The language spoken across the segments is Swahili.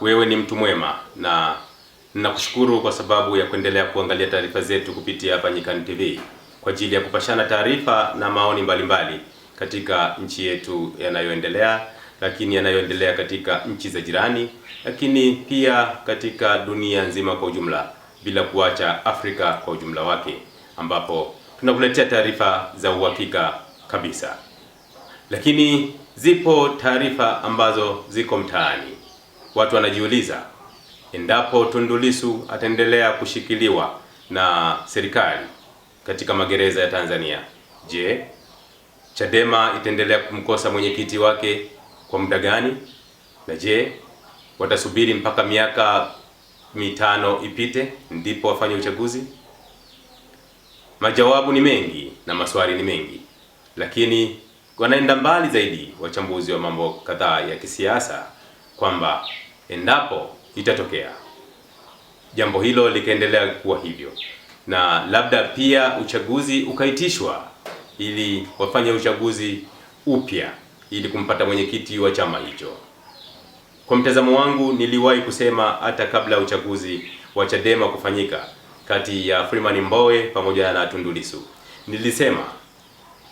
wewe ni mtu mwema na ninakushukuru kwa sababu ya kuendelea kuangalia taarifa zetu kupitia hapa Nyikani TV kwa ajili ya kupashana taarifa na maoni mbalimbali mbali katika nchi yetu yanayoendelea, lakini yanayoendelea katika nchi za jirani, lakini pia katika dunia nzima kwa ujumla, bila kuacha Afrika kwa ujumla wake, ambapo tunakuletea taarifa za uhakika kabisa. Lakini zipo taarifa ambazo ziko mtaani watu wanajiuliza endapo Tundu Lissu ataendelea kushikiliwa na serikali katika magereza ya Tanzania, je, Chadema itaendelea kumkosa mwenyekiti wake kwa muda gani? Na je, watasubiri mpaka miaka mitano ipite ndipo wafanye uchaguzi? Majawabu ni mengi na maswali ni mengi, lakini wanaenda mbali zaidi wachambuzi wa mambo kadhaa ya kisiasa kwamba endapo itatokea jambo hilo likaendelea kuwa hivyo, na labda pia uchaguzi ukaitishwa ili wafanye uchaguzi upya ili kumpata mwenyekiti wa chama hicho. Kwa mtazamo wangu, niliwahi kusema hata kabla ya uchaguzi wa Chadema kufanyika kati ya Freeman mboe pamoja na tundulisu nilisema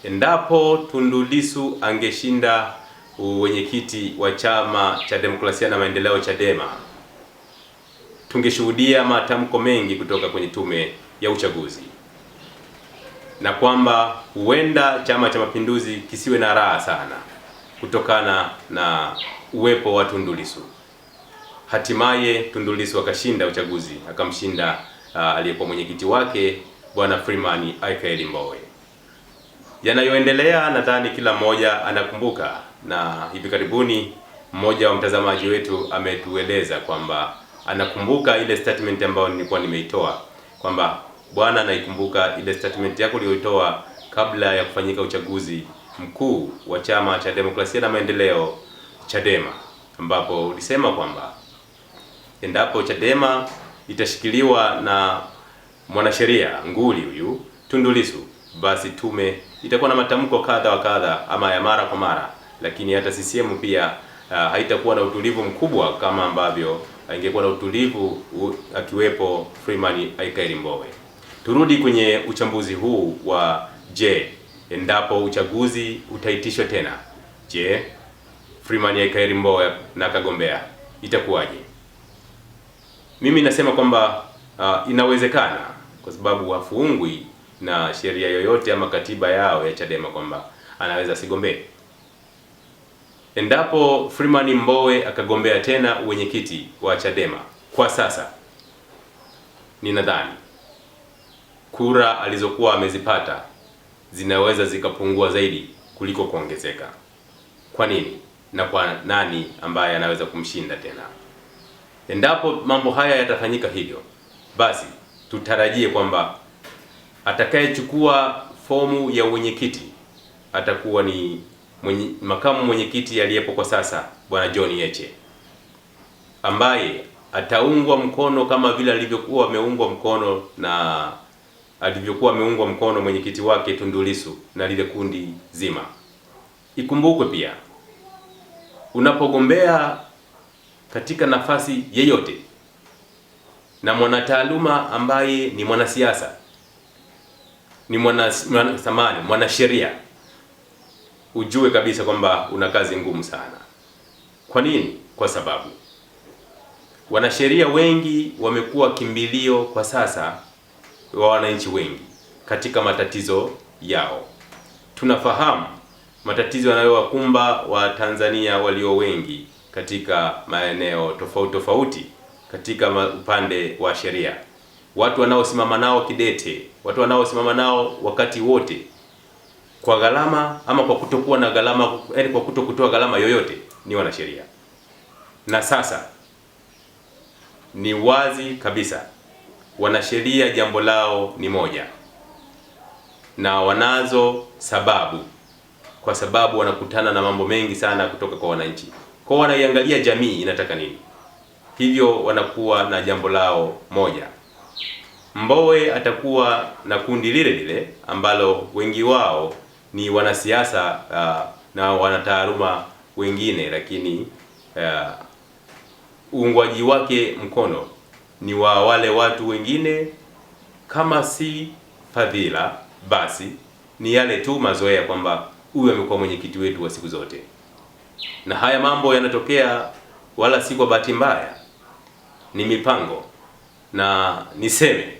endapo tundulisu angeshinda uwenyekiti wa chama cha demokrasia na maendeleo Chadema, tungeshuhudia matamko mengi kutoka kwenye tume ya uchaguzi na kwamba huenda Chama cha Mapinduzi kisiwe na raha sana kutokana na uwepo wa Tundu Lissu. Hatimaye Tundu Lissu akashinda uchaguzi akamshinda uh, aliyekuwa mwenyekiti wake Bwana Freeman Aikaeli Mbowe. Yanayoendelea nadhani kila mmoja anakumbuka na hivi karibuni mmoja wa mtazamaji wetu ametueleza kwamba anakumbuka ile statement ambayo nilikuwa nimeitoa kwamba Bwana anaikumbuka ile statement yako uliyoitoa kabla ya kufanyika uchaguzi mkuu wa chama cha demokrasia na maendeleo Chadema, ambapo ulisema kwamba endapo Chadema itashikiliwa na mwanasheria nguli huyu Tundu Lissu, basi tume itakuwa na matamko kadha wa kadha ama ya mara kwa mara lakini hata CCM pia uh, haitakuwa na utulivu mkubwa kama ambavyo ingekuwa na utulivu akiwepo Freeman Aikaeli Mbowe. Turudi kwenye uchambuzi huu wa je, endapo uchaguzi utaitishwa tena, je, Freeman Aikaeli Mbowe na kagombea itakuwaje? Mimi nasema kwamba uh, inawezekana kwa sababu hafungwi na sheria yoyote ama katiba yao ya Chadema kwamba anaweza sigombee endapo Freeman Mbowe akagombea tena wenyekiti wa Chadema kwa sasa, ninadhani kura alizokuwa amezipata zinaweza zikapungua zaidi kuliko kuongezeka. Kwa nini na kwa nani ambaye anaweza kumshinda tena? Endapo mambo haya yatafanyika hivyo, basi tutarajie kwamba atakayechukua fomu ya wenyekiti atakuwa ni mwenye, makamu mwenyekiti aliyepo kwa sasa Bwana John Heche ambaye ataungwa mkono kama vile alivyokuwa ameungwa mkono na alivyokuwa ameungwa mkono mwenyekiti wake Tundu Lissu na lile kundi zima. Ikumbukwe pia unapogombea katika nafasi yeyote na mwanataaluma ambaye ni mwanasiasa ni mwana samani mwanasheria ujue kabisa kwamba una kazi ngumu sana. Kwa nini? Kwa sababu wanasheria wengi wamekuwa kimbilio kwa sasa wa wananchi wengi katika matatizo yao. Tunafahamu matatizo yanayowakumba Watanzania walio wengi katika maeneo tofauti tofauti katika upande wa sheria, watu wanaosimama nao kidete, watu wanaosimama nao wakati wote kwa gharama ama kwa kutokuwa na gharama, yaani kwa kutokutoa gharama yoyote, ni wanasheria. Na sasa ni wazi kabisa wanasheria jambo lao ni moja, na wanazo sababu, kwa sababu wanakutana na mambo mengi sana kutoka kwa wananchi, kwao wanaiangalia jamii inataka nini, hivyo wanakuwa na jambo lao moja. Mbowe atakuwa na kundi lile lile ambalo wengi wao ni wanasiasa uh, na wanataaluma wengine, lakini uh, uungwaji uh, wake mkono ni wa wale watu wengine, kama si fadhila basi ni yale tu mazoea kwamba huyu amekuwa mwenyekiti wetu wa siku zote, na haya mambo yanatokea wala si kwa bahati mbaya, ni mipango. Na niseme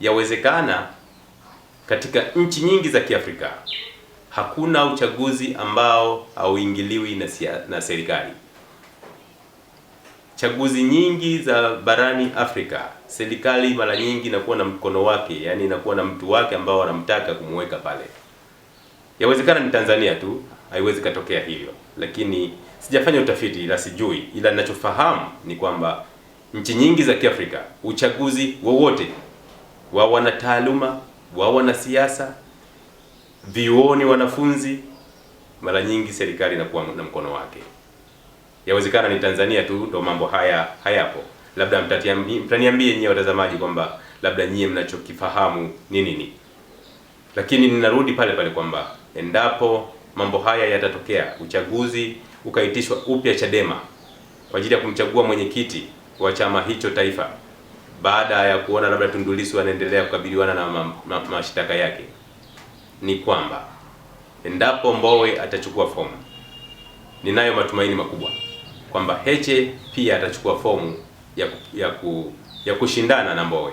yawezekana katika nchi nyingi za Kiafrika hakuna uchaguzi ambao hauingiliwi na, na serikali. Chaguzi nyingi za barani Afrika serikali mara nyingi inakuwa na mkono wake, yani inakuwa na mtu wake ambao wanamtaka kumweka pale. Yawezekana ni Tanzania tu haiwezi katokea hivyo, lakini sijafanya utafiti ila sijui, ila ninachofahamu ni kwamba nchi nyingi za Kiafrika uchaguzi wowote wa wanataaluma wa wanasiasa vioni wanafunzi, mara nyingi serikali inakuwa na mkono wake. Yawezekana ni Tanzania tu ndo mambo haya hayapo, labda mtaniambie nyie watazamaji kwamba labda nyie mnachokifahamu ni nini, lakini ninarudi pale pale kwamba endapo mambo haya yatatokea, uchaguzi ukaitishwa upya Chadema kwa ajili ya kumchagua mwenyekiti wa chama hicho taifa, baada ya kuona labda Tundu Lissu anaendelea kukabiliwana na mashtaka yake ni kwamba endapo Mbowe atachukua fomu, ninayo matumaini makubwa kwamba Heche pia atachukua fomu ya, ya, ku, ya kushindana na Mbowe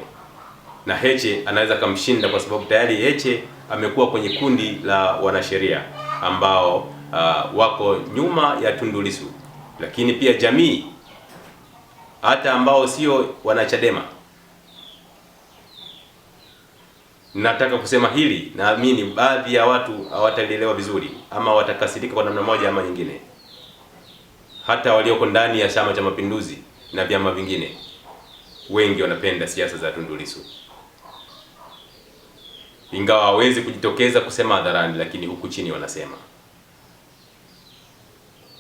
na Heche anaweza akamshinda kwa sababu tayari Heche amekuwa kwenye kundi la wanasheria ambao uh, wako nyuma ya Tundu Lissu, lakini pia jamii hata ambao sio wanachadema nataka kusema hili, naamini baadhi ya watu hawatalielewa vizuri ama watakasirika kwa namna moja ama nyingine, hata walioko ndani ya Chama cha Mapinduzi na vyama vingine, wengi wanapenda siasa za Tundu Lissu, ingawa hawezi kujitokeza kusema hadharani, lakini huku chini wanasema.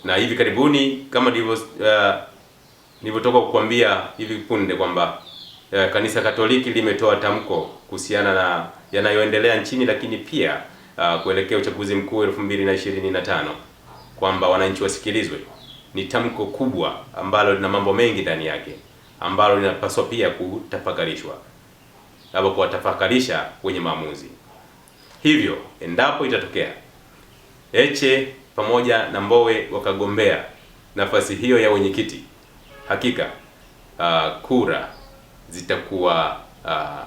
Na hivi karibuni kama nilivyotoka uh, nilivyotoka kukwambia hivi punde kwamba Eh, kanisa Katoliki limetoa tamko kuhusiana na yanayoendelea nchini, lakini pia uh, kuelekea uchaguzi mkuu tano kwamba wananchi wasikilizwe. Ni tamko kubwa ambalo lina mambo mengi ndani yake ambalo linapaswa pia kutafakarishwa, labda kuwatafakarisha wenye maamuzi. Hivyo endapo itatokea Heche pamoja na Mbowe wakagombea nafasi hiyo ya wenyekiti, hakika uh, kura zitakuwa uh,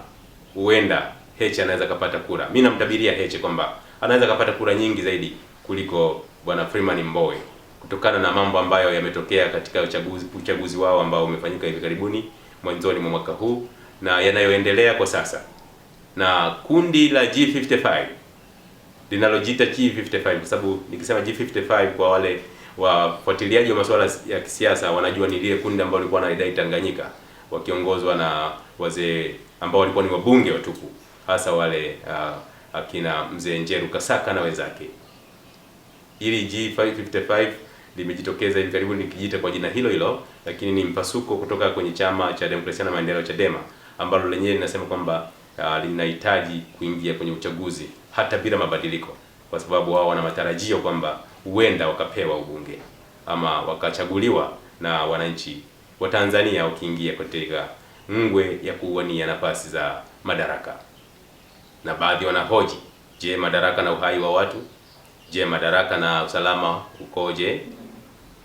huenda uh, Heche anaweza kapata kura. Mimi namtabiria Heche kwamba anaweza kapata kura nyingi zaidi kuliko bwana Freeman Mbowe kutokana na mambo ambayo yametokea katika uchaguzi uchaguzi wao ambao umefanyika hivi karibuni mwanzoni mwa mwaka huu na yanayoendelea kwa sasa. Na kundi la G55 linalojiita G55 kwa sababu nikisema G55 kwa wale wafuatiliaji wa masuala ya kisiasa wanajua ni lile kundi ambalo lilikuwa linadai Tanganyika wakiongozwa na wazee ambao walikuwa ni wabunge watupu, hasa wale uh, akina mzee Njeru Kasaka na wenzake. Ili g 555 limejitokeza hivi karibuni likijiita kwa jina hilo hilo, lakini ni mpasuko kutoka kwenye chama cha demokrasia na maendeleo Chadema ambalo lenyewe linasema kwamba uh, linahitaji kuingia kwenye uchaguzi hata bila mabadiliko, kwa sababu wao wana matarajio kwamba huenda wakapewa ubunge ama wakachaguliwa na wananchi Watanzania wakiingia katika ngwe ya kuwania nafasi za madaraka, na baadhi wanahoji, je, madaraka na uhai wa watu? Je, madaraka na usalama ukoje?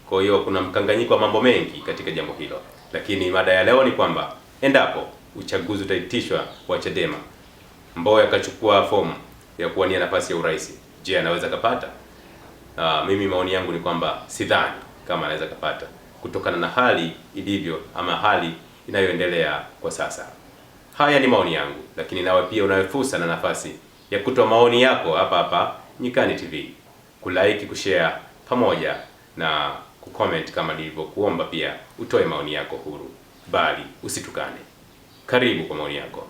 Kwa hiyo kuna mkanganyiko wa mambo mengi katika jambo hilo, lakini mada ya leo ni kwamba endapo uchaguzi utaitishwa wa Chadema, Mbowe akachukua fomu ya kuwania nafasi ya urais, je, anaweza kapata? Aa, ah, mimi maoni yangu ni kwamba sidhani kama anaweza kapata kutokana na hali ilivyo ama hali inayoendelea kwa sasa. Haya ni maoni yangu, lakini nawe pia unayo fursa na nafasi ya kutoa maoni yako hapa hapa Nyikani TV, kulike, kushare pamoja na kucomment kama nilivyokuomba. Pia utoe maoni yako huru, bali usitukane. Karibu kwa maoni yako.